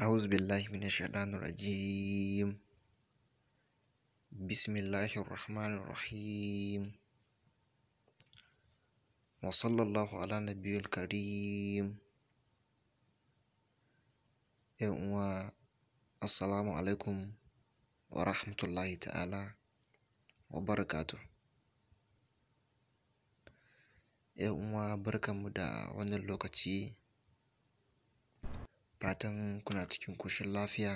أعوذ بالله من الشيطان الرجيم بسم الله الرحمن الرحيم وصلى الله على النبي الكريم و السلام عليكم ورحمة الله تعالى وبركاته ‘Yan بركة مدى da wannan Fatan kuna cikin kushin lafiya.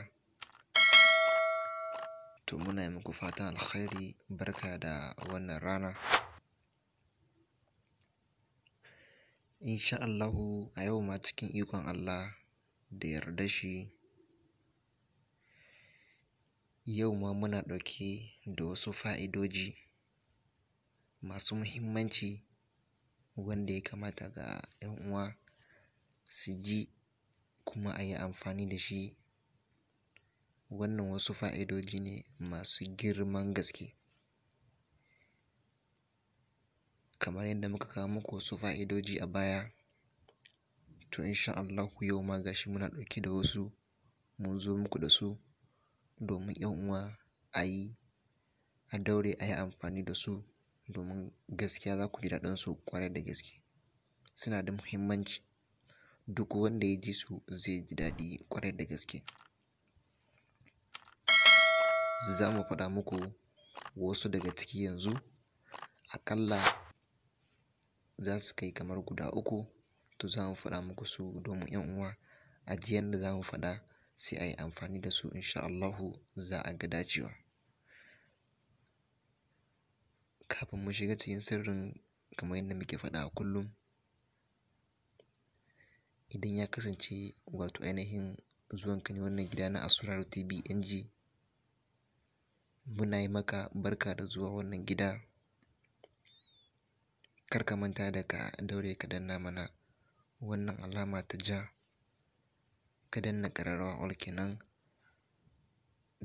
To muna yi muku fatan alkhairi barka da wannan rana. Insha Allahu a yau ma cikin ikon Allah da yarda shi yau ma muna ɗauke da wasu fa'idoji masu muhimmanci wanda ya kamata ga ‘yan uwa su ji kuma a yi amfani da shi. Wannan wasu fa'idoji ne masu girman gaske. Kamar yadda muka kawo muku wasu fa'idoji a baya, to in sha yau ma ga shi muna ɗauke da wasu mun zo muku da su domin ‘yan uwa a yi, a daure a yi amfani da su domin gaskiya za ku ji daɗinsu kwarai da gaske. Suna da muhimmanci. duk wanda ya ji su zai ji daɗi ƙwarai da gaske za mu faɗa muku wasu daga ciki yanzu aƙalla za su kai kamar guda uku to za mu faɗa muku su domin 'yan uwa ajiyar da za mu faɗa sai a yi amfani da su insha Allahu za a ga dacewa kafin mu shiga cikin sirrin kamar yadda muke faɗa a kullum Idan ya kasance wato ainihin zuwanka ne wannan gida na asura TV NG, muna yi maka barka da zuwa wannan gida. Kar ka manta da ka daure ka danna mana wannan alama ta ja, ka danna kararrawa all kenan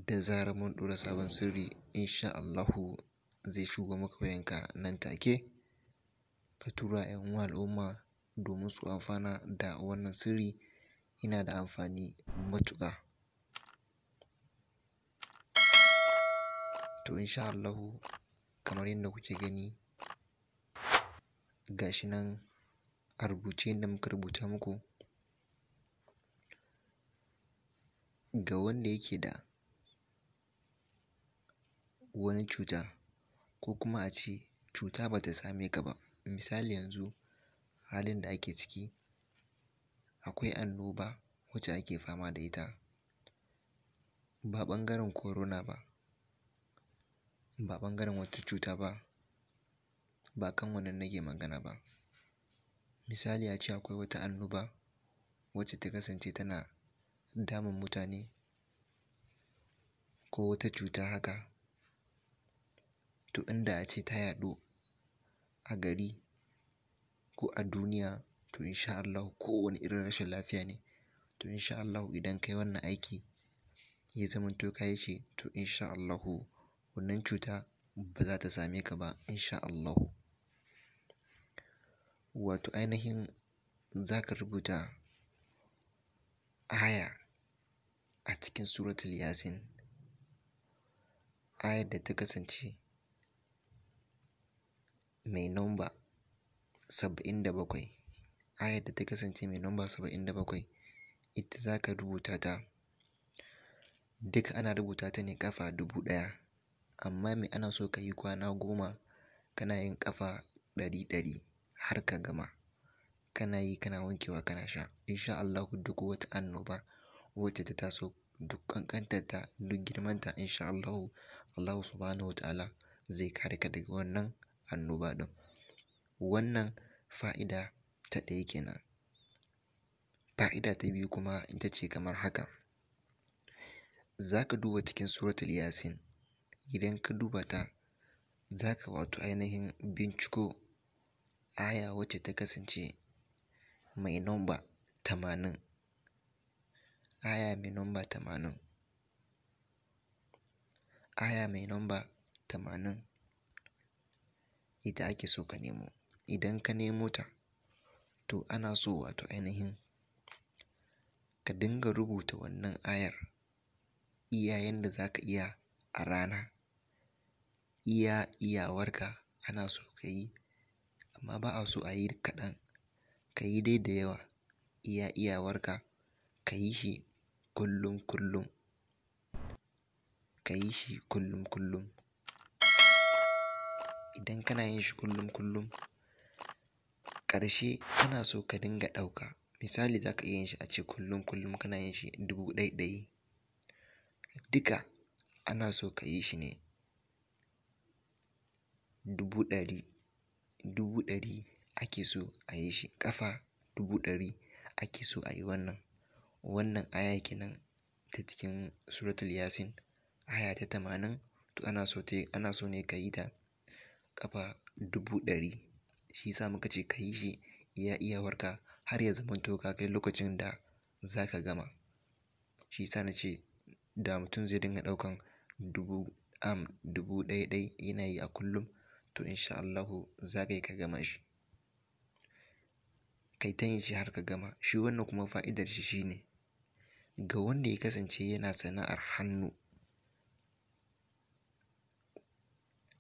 da zarar mun ɗora sabon sirri insha Allahu zai shigo maka wayanka nan take ka tura 'yan uwa al'umma domin su amfana da wannan sirri yana da amfani matuƙa. To in sha Allahu kamar yadda kuke gani ga shi nan a rubuce inda muka rubuta muku. Ga wanda yake da wani cuta ko kuma a ce cuta ba ta same ka ba misali yanzu halin da ake ciki akwai annoba wacce ake fama da ita ba ɓangaren corona ba ba ɓangaren wata cuta ba ba kan wannan nage magana ba misali a ce akwai wata annoba wacce ta kasance tana damun mutane ko wata cuta haka to inda a ce ta yaɗu a gari ko a duniya to in sha ko wani irin rashin lafiya ne to in sha idan Kai wannan aiki ya zamanto ka yi shi to in sha wannan cuta ba za ta same ka ba in sha Wato ainihin za ka rubuta aya a cikin Suratul Yasin ayar da ta kasance mai nomba. saba'in da bakwai. Ayar da ta kasance mai nomba saba'in da bakwai ita za ka rubuta ta. duk ana rubuta ta ne ƙafa dubu ɗaya amma mai ana so ka yi kwana goma kana yin ƙafa ɗari har ka gama. Kana yi kana wankewa kana sha. In sha Allahu duk wata annoba wacce ta taso duk ƙanƙantarta duk girmanta in sha Allahu, Allahu Subhanahu wa Ta'ala zai kare ka daga wannan annoba ɗin. Wannan fa'ida ta ɗaya kenan. Fa'ida ta biyu kuma ita ce kamar haka. Za ka duba cikin Suratul Yasin, idan ka duba ta za ka wato ainihin binciko aya wacce ta kasance mai nomba tamanin. Aya mai nomba tamanin. Aya mai nomba tamanin ita ake so ka nemo. idan ka nemo ta to ana so wato ainihin ka dinga rubuta wannan ayar iyayen da za ka iya a rana iya iyawarka ana so ka yi amma ba a so a yi kaɗan ka yi dai da yawa iya iyawarka ka yi shi kullum kullum ka yi shi kullum kullum idan kana yin shi kullum kullum ƙarshe ana so ka dinga ɗauka misali za ka iya yin shi a ce kullum kullum kana yin shi dubu ɗai ɗai duka ana so ka yi shi ne dubu ɗari dubu ɗari ake so a yi shi ƙafa dubu ɗari ake so a yi wannan wannan aya kenan ta cikin suratul yasin aya ta tamanin to so ana so ne ka yi ta ƙafa dubu ɗari shi sa muka ce ka yi shi iya warka, har ya zamanto ka kai lokacin da za ka gama shi sa na ce da mutum zai dinga ɗaukan dubu am dubu ɗaya ɗai yana yi a kullum to insha Allahu za ka yi ka gama shi kai ta yi shi har ka gama shi wannan kuma fa'idar shi shine ga wanda ya kasance yana sana'ar hannu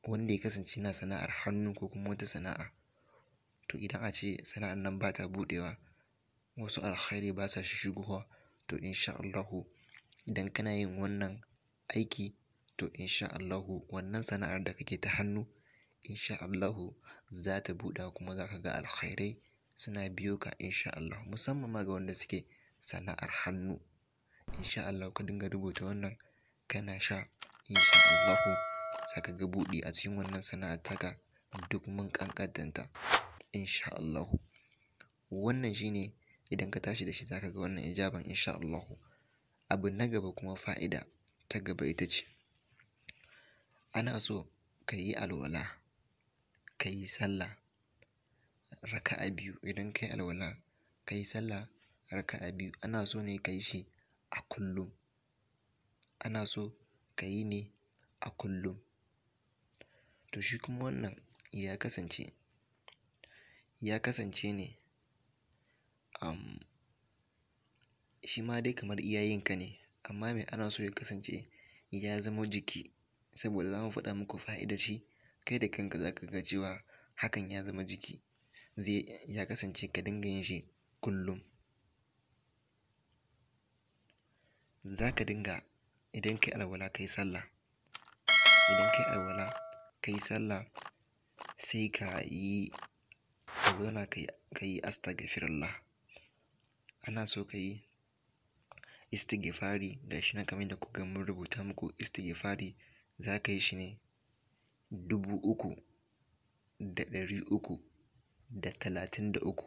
wanda ya kasance yana sana'ar hannu ko kuma wata sana'a to idan a ce sana'an nan ba ta buɗewa wasu alkhairi ba sa shigowa to insha Allahu idan kana yin wannan aiki to insha Allahu wannan sana'ar da kake ta hannu insha Allahu za ta buɗa kuma za ka ga alkhairai suna biyo ka insha Allahu musamman ma ga wanda suke sana'ar hannu insha Allahu ka dinga rubuta wannan kana sha insha Allahu za ka ga buɗi a cikin wannan sana'ar taka duk mun kankantanta insha Allahu. Wannan shi ne idan ka tashi da shi zaka ga wannan ijaban insha Allahu. Abu na gaba kuma fa'ida ta gaba ita ce, ana so ka yi alwala, ka yi sallah raka'a biyu. Idan ka yi alwala, ka yi sallah raka'a biyu ana so ne ka yi shi a kullum. Ana so ka yi ne a kullum. To shi kuma wannan ya kasance ya kasance ne um, shi ma dai kamar iyayenka ne amma mai ana so ya kasance ya zamo jiki saboda za mu faɗa muku fa'idar shi kai da kanka za ka ga cewa hakan ya zama jiki zai ya kasance ka dinga yin shi kullum za ka dinga idan kai alwala kai sallah idan kai alwala kai sallah sai ka yi ka zauna ka yi astagfirullah ana so ka yi istighfari ga shi nan kamar yadda kuka mun rubuta muku istighfari za ka yi shi ne dubu uku da ɗari uku da talatin da uku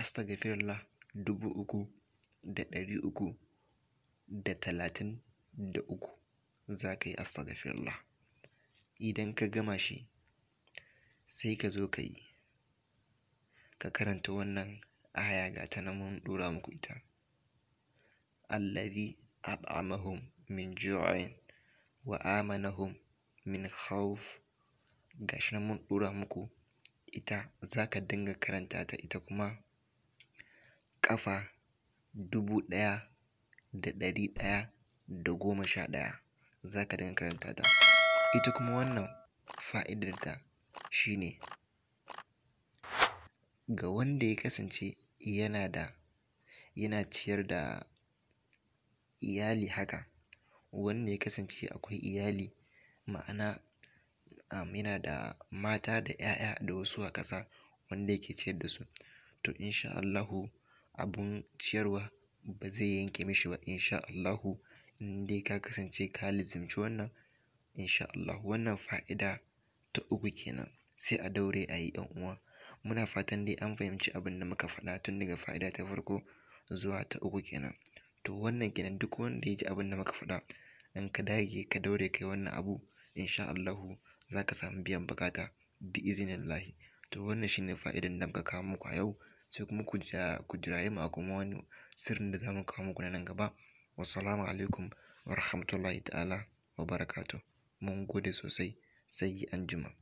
astaghfirullah dubu uku da ɗari uku da talatin da uku za ka yi astaghfirullah idan ka gama shi sai ka zo ka yi ka karanta wannan aya ga ta nan mun ɗora muku ita allazi at'amahum min ju'in wa amanahum min khawf gashi nan mun ɗora muku ita za ka dinga karanta ta ita kuma ƙafa dubu ɗaya da ɗari ɗaya da goma sha ɗaya za ka dinga karanta ta ita kuma wannan fa'idarta shi ne ga wanda ya kasance yana da yana ciyar da iyali haka wanda ya kasance akwai iyali ma'ana um, yana da mata da 'ya'ya da wasu a ƙasa wanda yake ciyar da su to insha Allahu abun ciyarwa ba zai yanke mishi ba insha Allahu in dai ka kasance ka lizimci wannan insha Allahu wannan fa'ida ta uku kenan sai a daure a yi 'yan uwa Muna fatan dai an fahimci abin da muka faɗa tun daga fa'ida ta farko zuwa ta uku kenan. To wannan kenan duk wanda ya ji abin da muka faɗa in ka dage ka daure kai wannan abu insha Allahu za ka samu biyan bukata bi lahi To wannan shine fa'idan da muka kawo muku a yau sai kuma ku jira ku jira a kuma wani sirrin da za mu kawo muku nan gaba. Wassalamu alaikum wa rahmatullahi ta'ala wa barakatuh. Mun gode sosai sai anjima.